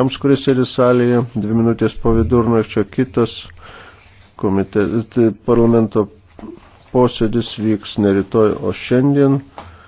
nariams, kuris sėdi salėje, dvi minutės po vidurnakčio kitas komite, parlamento posėdis vyks ne rytoj, o šiandien.